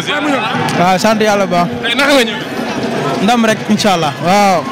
waaw sant yàlla bu allah waaw.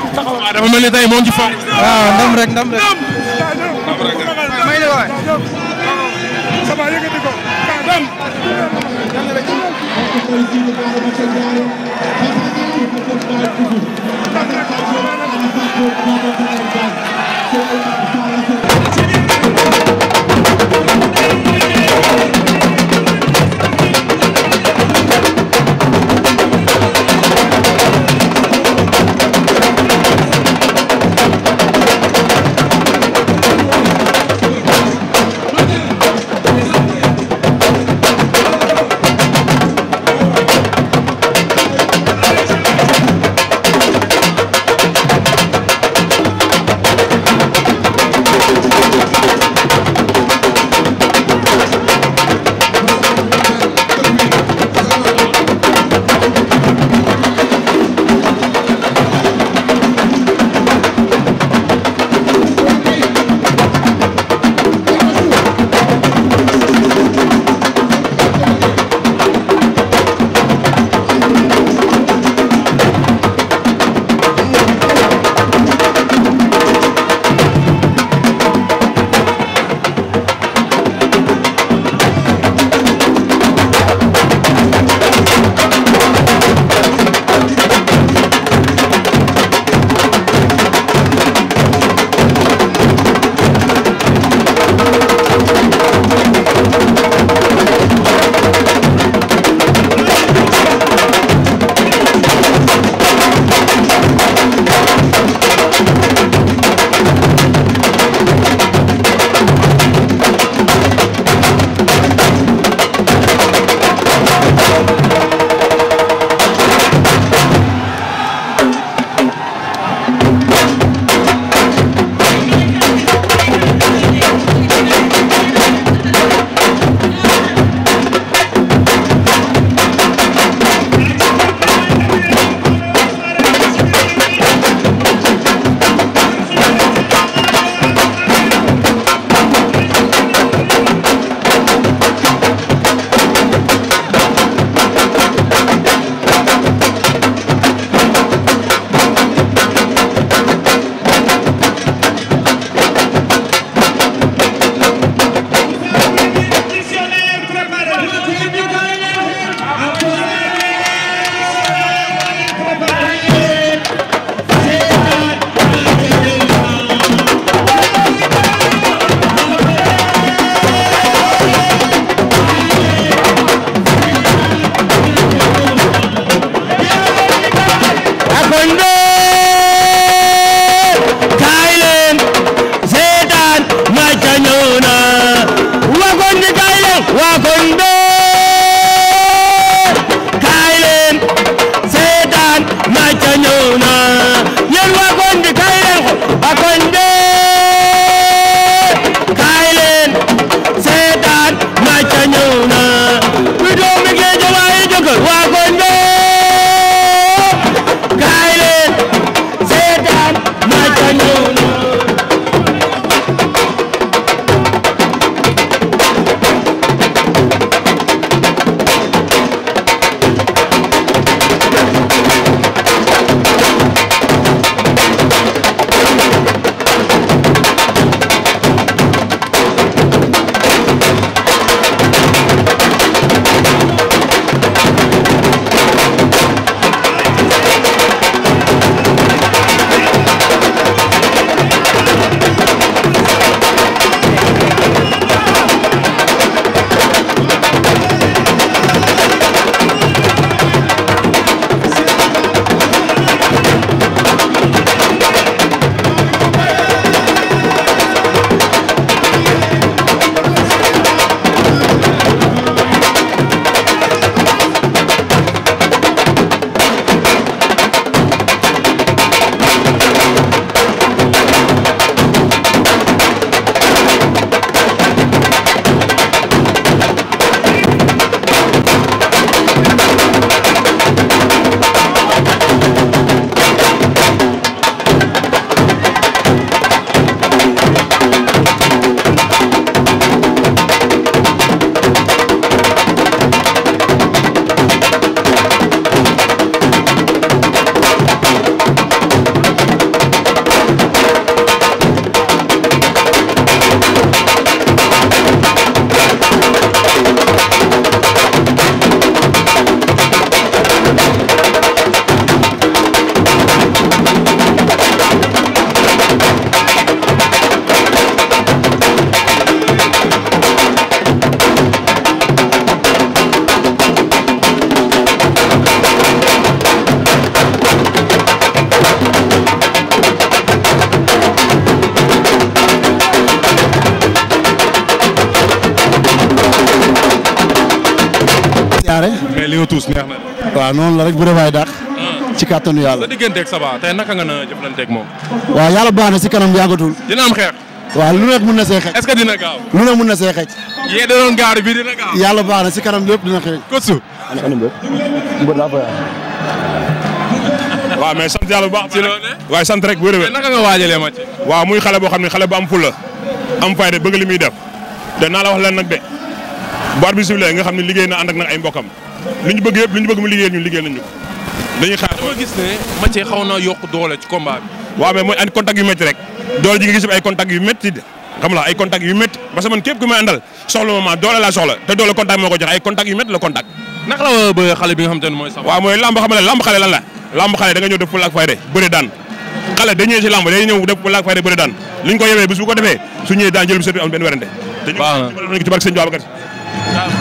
yaakaare. mais li nga tuus neex na. waaw noonu la rek bu defaay dàq. Ah. ci kàttanu yàlla. sa digganteeg Saba tey naka nga na jëflanteeg moom. waaw yàlla baax na si kanam yàggatul. dina am xeex. waaw lu nekk mun na see xeex. est-ce que dina gaaw. lu ne mun na see xeex. yee da doon gaar bi dina gaaw. yàlla baax na si kanam lépp dina xeex. kottu. waaw mais sant yàlla bu baax. ci loolu de waaye sant rek bu wér-wér. ma waaw muy xale boo xam ne xale bu am fulla am fayda bëgg li muy def te naa la wax leen nag de bu arbitre sifflé nga xam ne liggéey na ànd na nag ay mbokkam lu ñu bëgg yëpp lu ñu liggéey nañu ko dañuy xaar dama gis ne Mathieu xaw na yokk doole ci combat bi waaw mais mooy ay contact yu métti rek doole ji nga yu métti xam la ay parce que man képp ku may àndal doole laa soxla te doole contact moo ko jox ay contact yu métti la contact naka la war a xale bi nga xam te waaw mooy lamb xam la lamb xale lan la lamb xale da ñëw def fula ak fayda daan xale da si lamb day def fula ak fayda daan li waaw